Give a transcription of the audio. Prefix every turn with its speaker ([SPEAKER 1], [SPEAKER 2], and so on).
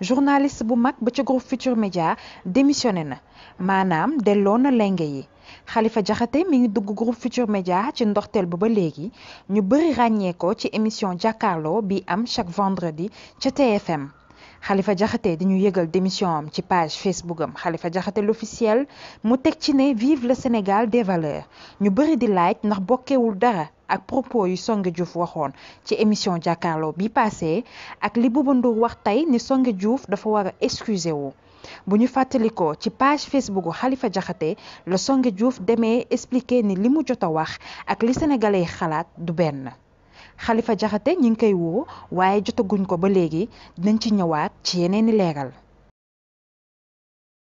[SPEAKER 1] journaliste bu mag ba ci groupe Futur media démissionné na manam yi Khalifa Diakhaté mi ngi dugg groupe Futur media ci ndorteel bu ba légui ñu bari ragné ko ci émission bi am chaque vendredi ci TFM Khalifa Diakhaté di ñu yëgal démission am ci page Facebook am Khalifa Diakhaté l'officiel mu teg ci né vive le Sénégal des valeurs ñu bëri di like ndax bokkewul dara ak propos yu Songé Diouf waxoon ci émission jàkkaarloo bi passé ak li Bouba wax tay ni Songé Diouf dafa wara a excuser wu buñu ci page Facebook, Khalifa Diakhaté le Songé Diouf démé expliquer ni limu mu wax ak li sénégalais xalaat du benn xalifa Diakhaté ñi ngi koy woo waaye jotaguñu ko ba léegi dinañ ci ñëwaat ci yeneen yeneeni leeral